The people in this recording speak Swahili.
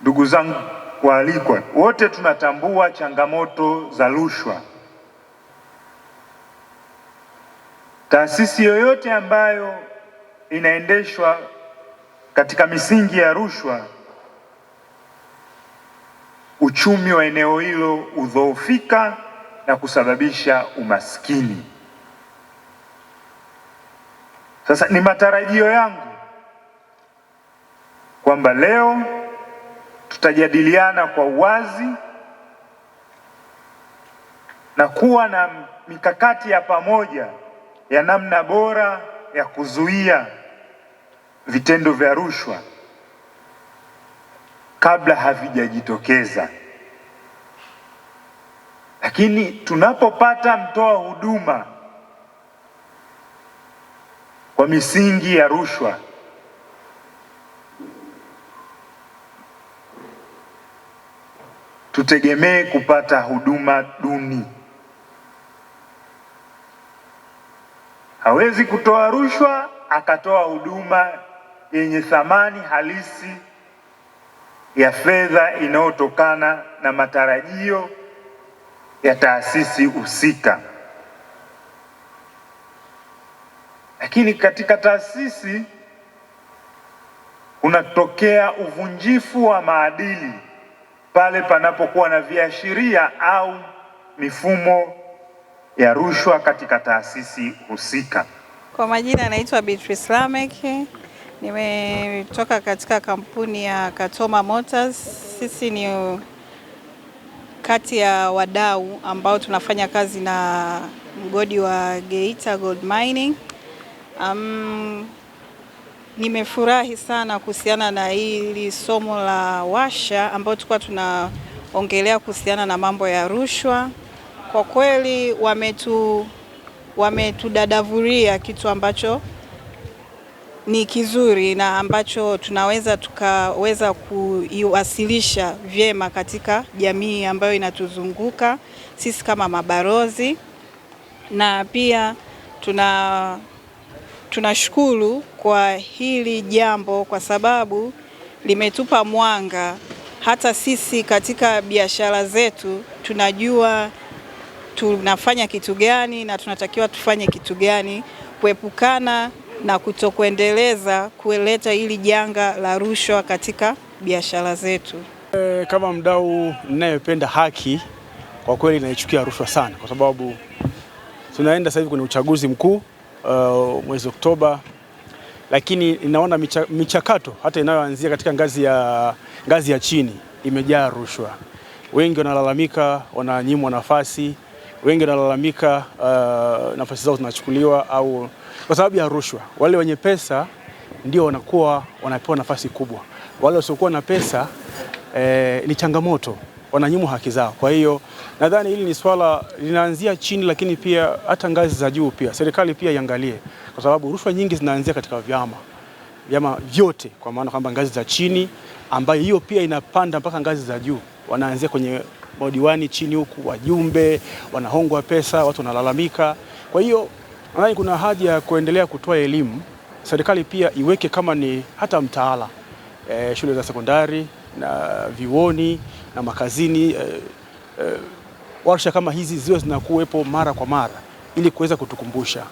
Ndugu zangu waalikwa, wote tunatambua changamoto za rushwa. Taasisi yoyote ambayo inaendeshwa katika misingi ya rushwa, uchumi wa eneo hilo hudhoofika na kusababisha umaskini. Sasa ni matarajio yangu kwamba leo tutajadiliana kwa uwazi na kuwa na mikakati ya pamoja ya namna bora ya kuzuia vitendo vya rushwa kabla havijajitokeza. Lakini tunapopata mtoa huduma kwa misingi ya rushwa tutegemee kupata huduma duni. Hawezi kutoa rushwa akatoa huduma yenye thamani halisi ya fedha inayotokana na matarajio ya taasisi husika. Lakini katika taasisi kunatokea uvunjifu wa maadili pale panapokuwa na viashiria au mifumo ya rushwa katika taasisi husika. Kwa majina anaitwa Beatrice Lamek, nimetoka katika kampuni ya Katoma Motors. Sisi ni kati ya wadau ambao tunafanya kazi na mgodi wa Geita Gold Mining. Um, Nimefurahi sana kuhusiana na hili somo la washa ambayo tulikuwa tunaongelea kuhusiana na mambo ya rushwa. Kwa kweli wametu wametudadavuria kitu ambacho ni kizuri na ambacho tunaweza tukaweza kuiwasilisha vyema katika jamii ambayo inatuzunguka sisi kama mabarozi, na pia tuna Tunashukuru kwa hili jambo kwa sababu limetupa mwanga hata sisi katika biashara zetu tunajua tunafanya kitu gani na tunatakiwa tufanye kitu gani kuepukana na kutokuendeleza kuleta hili janga la rushwa katika biashara zetu. E, kama mdau ninayependa haki, kwa kweli naichukia rushwa sana, kwa sababu tunaenda sasa hivi kwenye uchaguzi mkuu uh, mwezi Oktoba, lakini inaona micha, michakato hata inayoanzia katika ngazi ya, ngazi ya chini imejaa rushwa. Wengi wanalalamika wananyimwa nafasi, wengi wanalalamika uh, nafasi zao zinachukuliwa au kwa sababu ya rushwa. Wale wenye pesa ndio wanakuwa wanapewa nafasi kubwa, wale wasiokuwa na pesa eh, ni changamoto wananyimwa haki zao. Kwa hiyo nadhani hili ni swala linaanzia chini, lakini pia hata ngazi za juu, pia serikali pia iangalie, kwa sababu rushwa nyingi zinaanzia katika vyama vyama vyote, kwa maana kwamba ngazi za chini, ambayo hiyo pia inapanda mpaka ngazi za juu, wanaanzia kwenye madiwani chini huku, wajumbe wanahongwa pesa, watu wanalalamika. Kwa hiyo nadhani kuna haja ya kuendelea kutoa elimu, serikali pia iweke kama ni hata mtaala e, shule za sekondari na vioni na makazini e, e, warsha kama hizi ziwe zinakuwepo mara kwa mara ili kuweza kutukumbusha